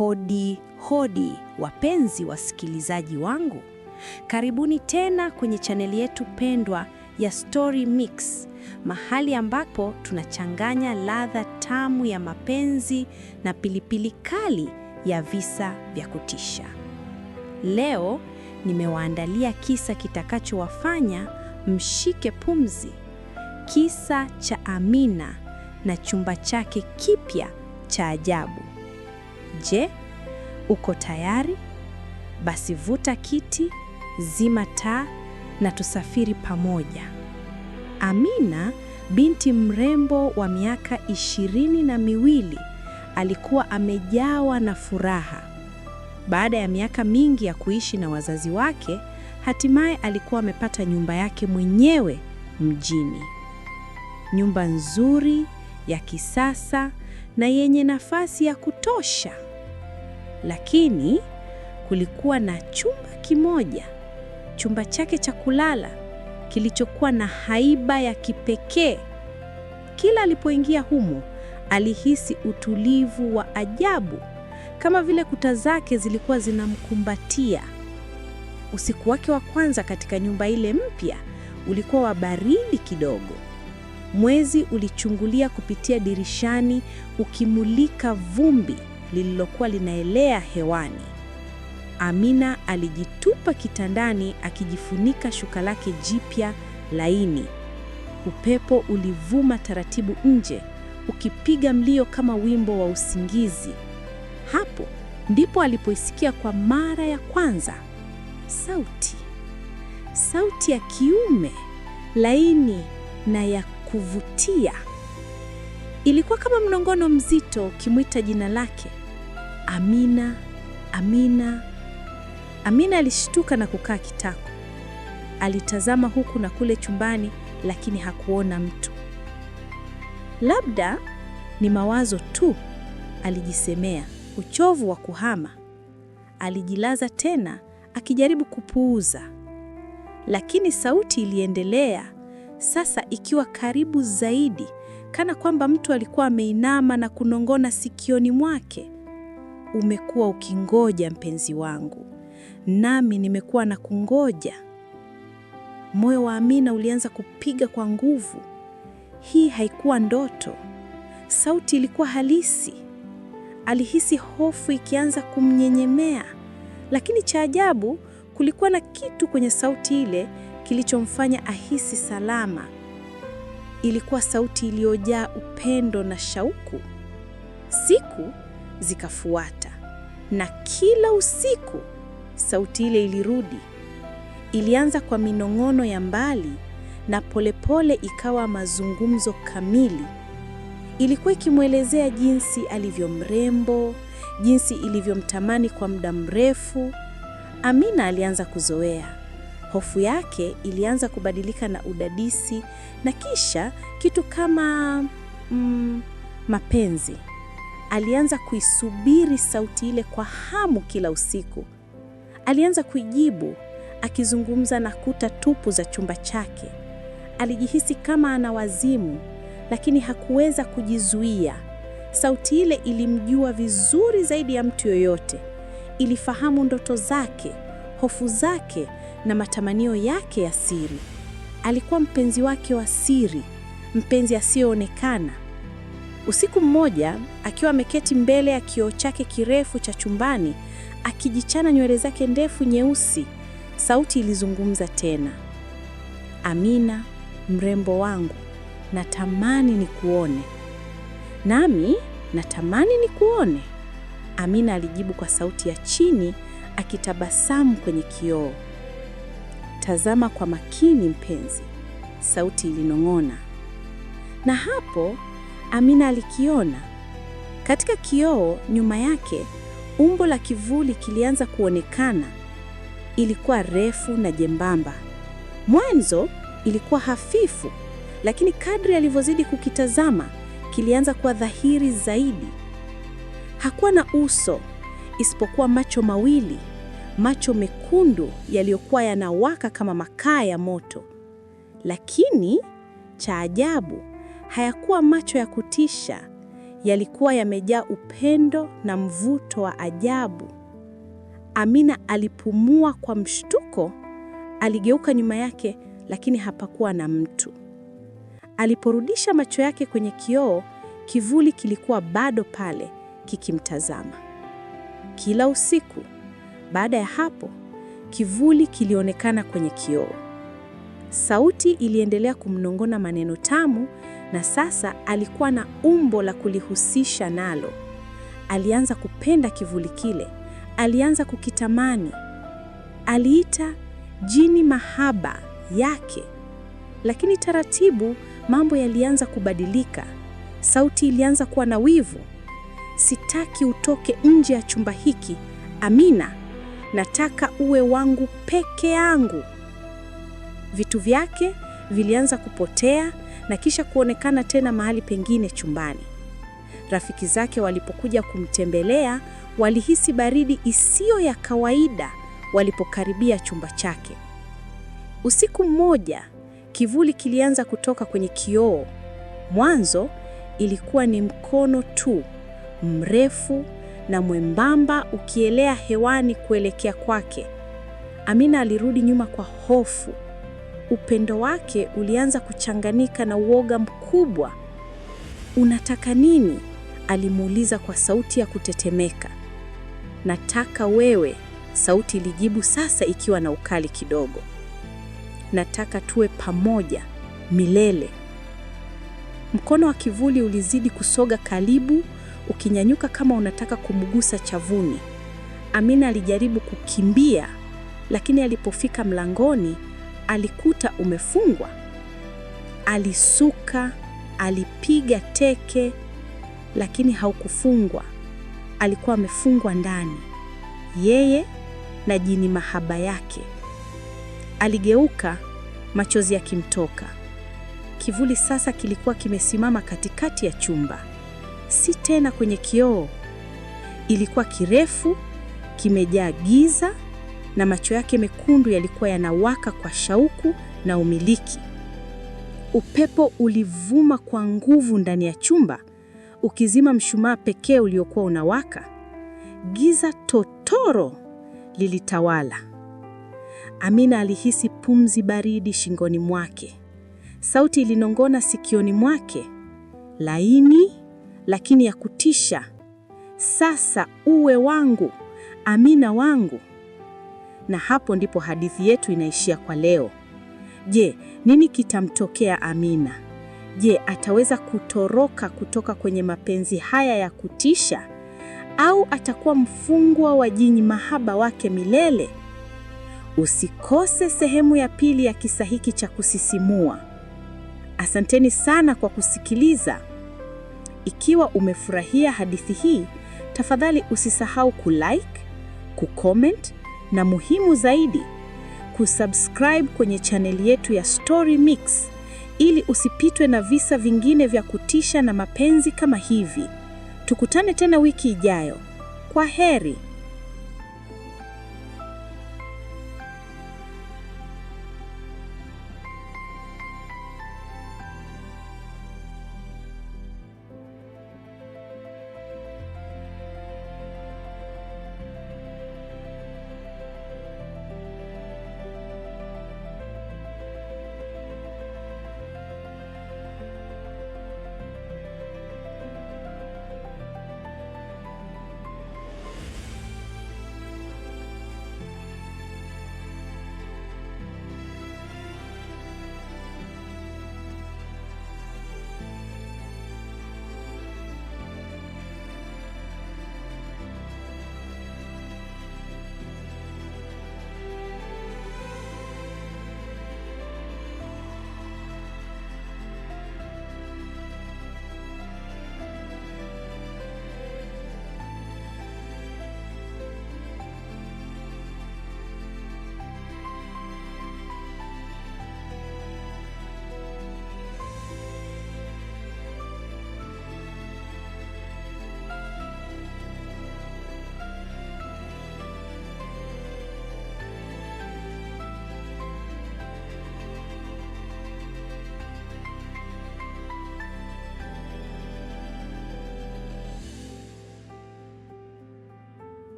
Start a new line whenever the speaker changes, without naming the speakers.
Hodi hodi, wapenzi wasikilizaji wangu, karibuni tena kwenye chaneli yetu pendwa ya Story Mix, mahali ambapo tunachanganya ladha tamu ya mapenzi na pilipili kali ya visa vya kutisha. Leo nimewaandalia kisa kitakachowafanya mshike pumzi, kisa cha Amina na chumba chake kipya cha ajabu. Je, uko tayari? Basi vuta kiti, zima taa na tusafiri pamoja. Amina, binti mrembo wa miaka ishirini na miwili, alikuwa amejawa na furaha. Baada ya miaka mingi ya kuishi na wazazi wake, hatimaye alikuwa amepata nyumba yake mwenyewe mjini. Nyumba nzuri ya kisasa na yenye nafasi ya kutosha, lakini kulikuwa na chumba kimoja, chumba chake cha kulala kilichokuwa na haiba ya kipekee. Kila alipoingia humo alihisi utulivu wa ajabu, kama vile kuta zake zilikuwa zinamkumbatia. Usiku wake wa kwanza katika nyumba ile mpya ulikuwa wa baridi kidogo. Mwezi ulichungulia kupitia dirishani ukimulika vumbi lililokuwa linaelea hewani. Amina alijitupa kitandani akijifunika shuka lake jipya laini. Upepo ulivuma taratibu nje, ukipiga mlio kama wimbo wa usingizi. Hapo ndipo alipoisikia kwa mara ya kwanza sauti, sauti ya kiume laini na ya kuvutia. Ilikuwa kama mnongono mzito ukimwita jina lake, Amina, Amina. Amina alishtuka na kukaa kitako. Alitazama huku na kule chumbani, lakini hakuona mtu. Labda ni mawazo tu, alijisemea, uchovu wa kuhama. Alijilaza tena akijaribu kupuuza, lakini sauti iliendelea sasa ikiwa karibu zaidi, kana kwamba mtu alikuwa ameinama na kunongona sikioni mwake. Umekuwa ukingoja mpenzi wangu, nami nimekuwa na kungoja. Moyo wa Amina ulianza kupiga kwa nguvu. Hii haikuwa ndoto, sauti ilikuwa halisi. Alihisi hofu ikianza kumnyenyemea, lakini cha ajabu kulikuwa na kitu kwenye sauti ile Kilichomfanya ahisi salama ilikuwa sauti iliyojaa upendo na shauku. Siku zikafuata, na kila usiku sauti ile ilirudi. Ilianza kwa minong'ono ya mbali na polepole ikawa mazungumzo kamili. Ilikuwa ikimwelezea jinsi alivyo mrembo, jinsi ilivyomtamani kwa muda mrefu. Amina alianza kuzoea. Hofu yake ilianza kubadilika na udadisi na kisha kitu kama mm, mapenzi. Alianza kuisubiri sauti ile kwa hamu kila usiku. Alianza kuijibu akizungumza na kuta tupu za chumba chake. Alijihisi kama ana wazimu, lakini hakuweza kujizuia. Sauti ile ilimjua vizuri zaidi ya mtu yoyote. Ilifahamu ndoto zake, hofu zake na matamanio yake ya siri. Alikuwa mpenzi wake wa siri, mpenzi asiyoonekana Usiku mmoja, akiwa ameketi mbele ya kioo chake kirefu cha chumbani, akijichana nywele zake ndefu nyeusi, sauti ilizungumza tena. Amina, mrembo wangu, natamani nikuone. Nami natamani nikuone. Amina alijibu kwa sauti ya chini, akitabasamu kwenye kioo. Tazama kwa makini mpenzi, sauti ilinong'ona. Na hapo Amina alikiona. Katika kioo nyuma yake, umbo la kivuli kilianza kuonekana. Ilikuwa refu na jembamba. Mwanzo ilikuwa hafifu, lakini kadri alivyozidi kukitazama, kilianza kuwa dhahiri zaidi. Hakuwa na uso isipokuwa macho mawili macho mekundu yaliyokuwa yanawaka kama makaa ya moto. Lakini cha ajabu, hayakuwa macho ya kutisha, yalikuwa yamejaa upendo na mvuto wa ajabu. Amina alipumua kwa mshtuko, aligeuka nyuma yake, lakini hapakuwa na mtu. Aliporudisha macho yake kwenye kioo, kivuli kilikuwa bado pale kikimtazama. Kila usiku baada ya hapo, kivuli kilionekana kwenye kioo. Sauti iliendelea kumnong'ona maneno tamu, na sasa alikuwa na umbo la kulihusisha nalo. Alianza kupenda kivuli kile, alianza kukitamani. Aliita jini mahaba yake. Lakini taratibu mambo yalianza kubadilika. Sauti ilianza kuwa na wivu. Sitaki utoke nje ya chumba hiki, Amina nataka uwe wangu peke yangu. Vitu vyake vilianza kupotea na kisha kuonekana tena mahali pengine chumbani. Rafiki zake walipokuja kumtembelea walihisi baridi isiyo ya kawaida walipokaribia chumba chake. Usiku mmoja, kivuli kilianza kutoka kwenye kioo. Mwanzo ilikuwa ni mkono tu mrefu na mwembamba ukielea hewani kuelekea kwake. Amina alirudi nyuma kwa hofu. Upendo wake ulianza kuchanganika na uoga mkubwa. Unataka nini? alimuuliza kwa sauti ya kutetemeka. Nataka wewe, sauti ilijibu sasa ikiwa na ukali kidogo. Nataka tuwe pamoja milele. Mkono wa kivuli ulizidi kusoga karibu, ukinyanyuka kama unataka kumgusa chavuni. Amina alijaribu kukimbia, lakini alipofika mlangoni alikuta umefungwa. Alisuka, alipiga teke, lakini haukufungwa. Alikuwa amefungwa ndani, yeye na jini mahaba yake. Aligeuka, machozi yakimtoka. Kivuli sasa kilikuwa kimesimama katikati ya chumba si tena kwenye kioo. Ilikuwa kirefu, kimejaa giza na macho yake mekundu yalikuwa yanawaka kwa shauku na umiliki. Upepo ulivuma kwa nguvu ndani ya chumba, ukizima mshumaa pekee uliokuwa unawaka. Giza totoro lilitawala. Amina alihisi pumzi baridi shingoni mwake. Sauti ilinong'ona sikioni mwake, laini lakini ya kutisha. Sasa uwe wangu, Amina wangu. Na hapo ndipo hadithi yetu inaishia kwa leo. Je, nini kitamtokea Amina? Je, ataweza kutoroka kutoka kwenye mapenzi haya ya kutisha au atakuwa mfungwa wa jinyi mahaba wake milele? Usikose sehemu ya pili ya kisa hiki cha kusisimua. Asanteni sana kwa kusikiliza. Ikiwa umefurahia hadithi hii, tafadhali usisahau kulike, kucomment na muhimu zaidi, kusubscribe kwenye chaneli yetu ya Story Mix ili usipitwe na visa vingine vya kutisha na mapenzi kama hivi. Tukutane tena wiki ijayo. Kwa heri.